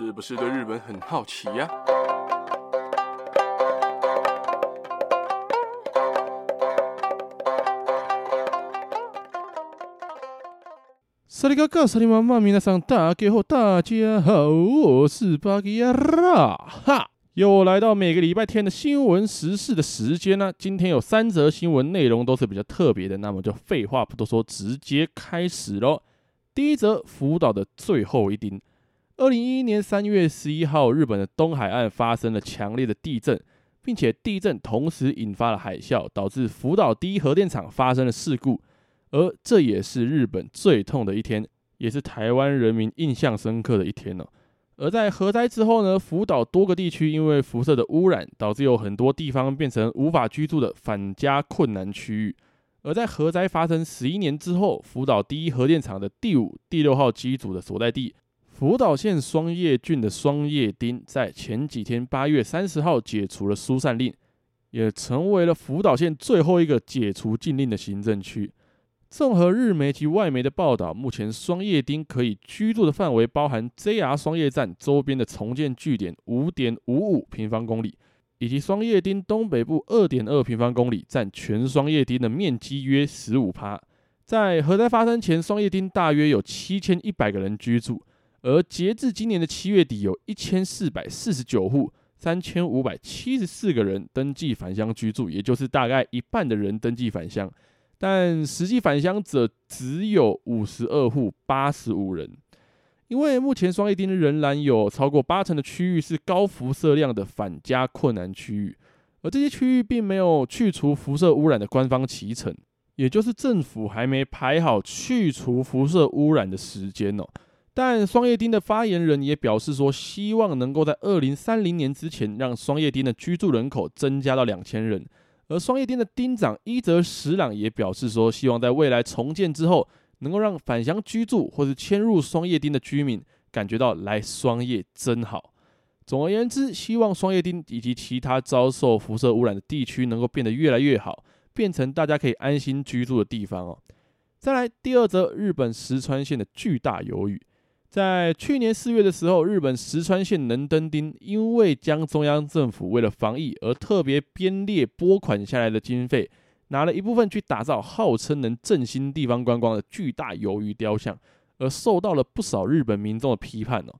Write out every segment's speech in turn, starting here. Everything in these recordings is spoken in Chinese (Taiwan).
是不是對日本很好奇呀、啊？“沙利哥哥，沙利媽媽，咪咪上大，給好大家好，我是巴吉亞啦！”哈，又來到每個禮拜天的新聞時事的時間呢。今天有三則新聞，內容都是比較特別的。那麼就廢話不多說，直接開始嘍。第一則，福島的最後一町。二零一一年三月十一號，日本的東海岸發生了強烈的地震，並且地震同時引發了海嘯，導致福島第一核電廠發生了事故。而這也是日本最痛的一天，也是台灣人民印象深刻的一天呢、喔。而在核災之後呢，福島多個地區因為輻射的污染，導致有很多地方變成無法居住的返家困難區域。而在核災發生十一年之後，福島第一核電廠的第五、第六號機組的所在地。福島縣雙葉郡的雙葉町在前幾天八月三十號解除了疏散令，也成為了福島縣最後一個解除禁令的行政區。綜合日媒及外媒的報道目前雙葉町可以居住的範圍包含 JR 雙葉站周邊的重建據點五點五五平方公里，以及雙葉町東北部二點二平方公里，占全雙葉町的面積約十五趴。在核災發生前，雙葉町大約有七千一百個人居住。而截至今年的七月底有，有一千四百四十九戶、三千五百七十四個人登記返鄉居住，也就是大概一半的人登記返鄉，但實際返鄉者只有五十二戶、八十五人。因為目前雙葉町仍然有超過八成的區域是高輻射量的返家困難區域，而這些區域並沒有去除輻射污染的官方期程，也就是政府還沒排好去除輻射污染的時間但雙葉町的發言人也表示說，希望能夠在二零三零年之前，讓雙葉町的居住人口增加到兩千人。而雙葉町的町長伊澤史朗也表示說，希望在未來重建之後，能夠讓返鄉居住或是遷入雙葉町的居民感覺到來雙葉真好。總而言之，希望雙葉町以及其他遭受輻射污染的地區能夠變得越來越好，變成大家可以安心居住的地方哦。再來，第二則，日本石川縣的巨大魷魚。在去年四月的時候，日本石川縣能登町因為將中央政府為了防疫而特別編列撥款下來的經費，拿了一部分去打造號稱能振興地方觀光的巨大魷魚雕像，而受到了不少日本民眾的批判哦。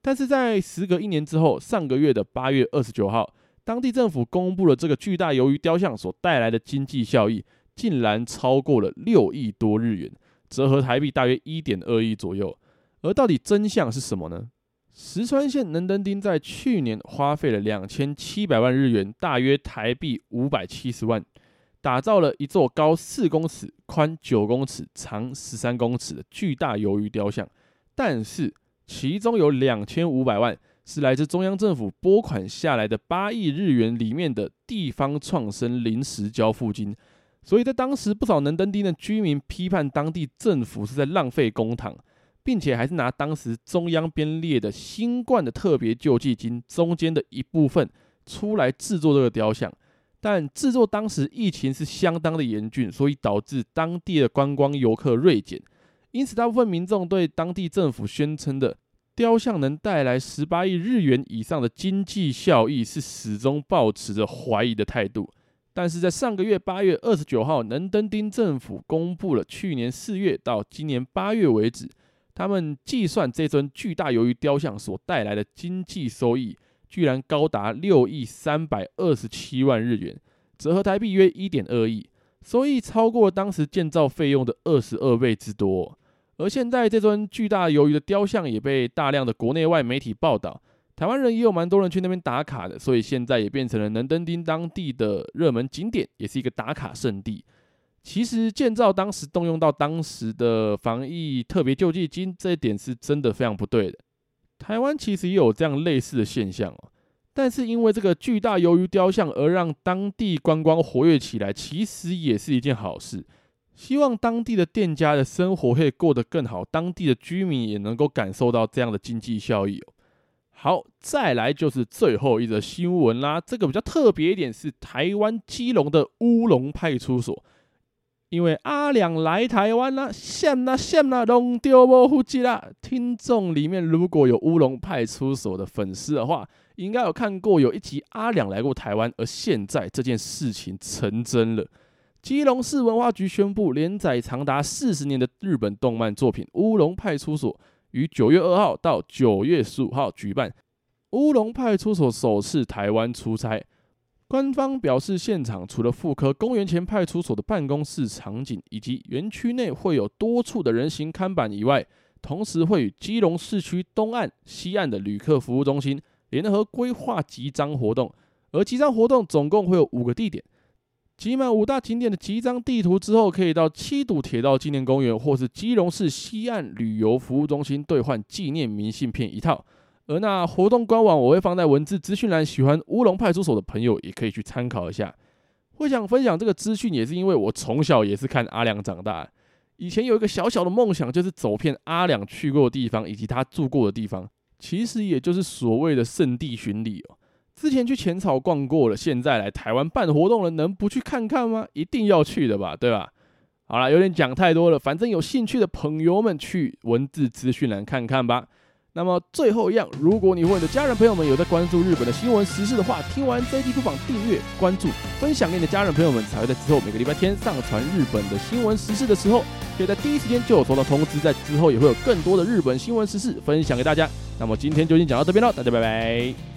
但是在時隔一年之後，上個月的八月二十九號，當地政府公布了這個巨大魷魚雕像所帶來的經濟效益，竟然超過了六億多日元，折合台幣大約一點二億左右。而到底真相是什麼呢？石川縣能登町在去年花費了兩千七百萬日元，大約台幣五百七十萬，打造了一座高四公尺、寬九公尺、長十三公尺的巨大魷魚雕像。但是，其中有兩千五百萬是來自中央政府撥款下來的八億日元裡面的地方創生臨時交付金，所以在當時不少能登町的居民批判當地政府是在浪費公帑。並且還是拿當時中央編列的新冠的特別救濟金中間的一部分出來製作這個雕像，但製作當時疫情是相當的嚴峻，所以導致當地的觀光遊客銳減，因此大部分民眾對當地政府宣稱的雕像能帶來十八億日元以上的經濟效益是始終抱持着懷疑的態度。但是在上個月八月二十九號，能登町政府公布了去年四月到今年八月為止。他們計算這尊巨大魷魚雕像所帶來的經濟收益，居然高達六億三百二十七萬日元，折合台幣約一點二億，收益超過當時建造費用的二十二倍之多。而現在這尊巨大魷魚的雕像也被大量的國內外媒體報道，台灣人也有蠻多人去那邊打卡的，所以現在也變成了能登町當地的熱門景點，也是一個打卡聖地。其實建造當時動用到當時的防疫特別救濟金，這一點是真的非常不對的。台灣其實也有這樣類似的現象哦，但是因為這個巨大魷魚雕像而讓當地觀光活躍起來，其實也是一件好事。希望當地的店家的生活可以過得更好，當地的居民也能夠感受到這樣的經濟效益哦。好，再來就是最後一則新聞啦。這個比較特別一點是台灣基隆的烏龍派出所。因為阿兩來台灣了，啊，閃啊閃啊，弄丟我戶籍了。聽眾裡面如果有《烏龍派出所》的粉絲的話，應該有看過有一集阿兩來過台灣，而現在這件事情成真了。基隆市文化局宣布，連載長達四十年的日本動漫作品《烏龍派出所》，於九月二號到九月十五號舉辦《烏龍派出所》首次台灣出差。官方表示，現場除了複刻公園前派出所的辦公室場景，以及園區內會有多處的人形看板以外，同時會與基隆市區東岸、西岸的旅客服務中心聯合規劃集章活動。而集章活動總共會有五個地點，集滿五大景點的集章地圖之後，可以到七堵鐵道紀念公園或是基隆市西岸旅遊服務中心兌換紀念明信片一套。而那活動官網我會放在文字資訊欄，喜歡烏龍派出所的朋友也可以去參考一下。會想分享這個資訊，也是因為我從小也是看阿兩長大。以前有一個小小的夢想，就是走遍阿兩去過的地方以及他住過的地方，其實也就是所謂的聖地巡禮哦。之前去淺草逛過了，現在來台灣辦活動了，能不去看看嗎？一定要去的吧，對吧？好了，有點講太多了，反正有興趣的朋友們去文字資訊欄看看吧。那麼最後一樣，如果你或你的家人朋友們有在關注日本的新聞時事的話，聽完這期不妨訂閱、關注、分享給你的家人朋友們，才會在之後每個禮拜天上傳日本的新聞時事的時候，可以在第一時間就有收到通知，在之後也會有更多的日本新聞時事分享給大家。那麼今天就先講到這邊嘍，大家拜拜。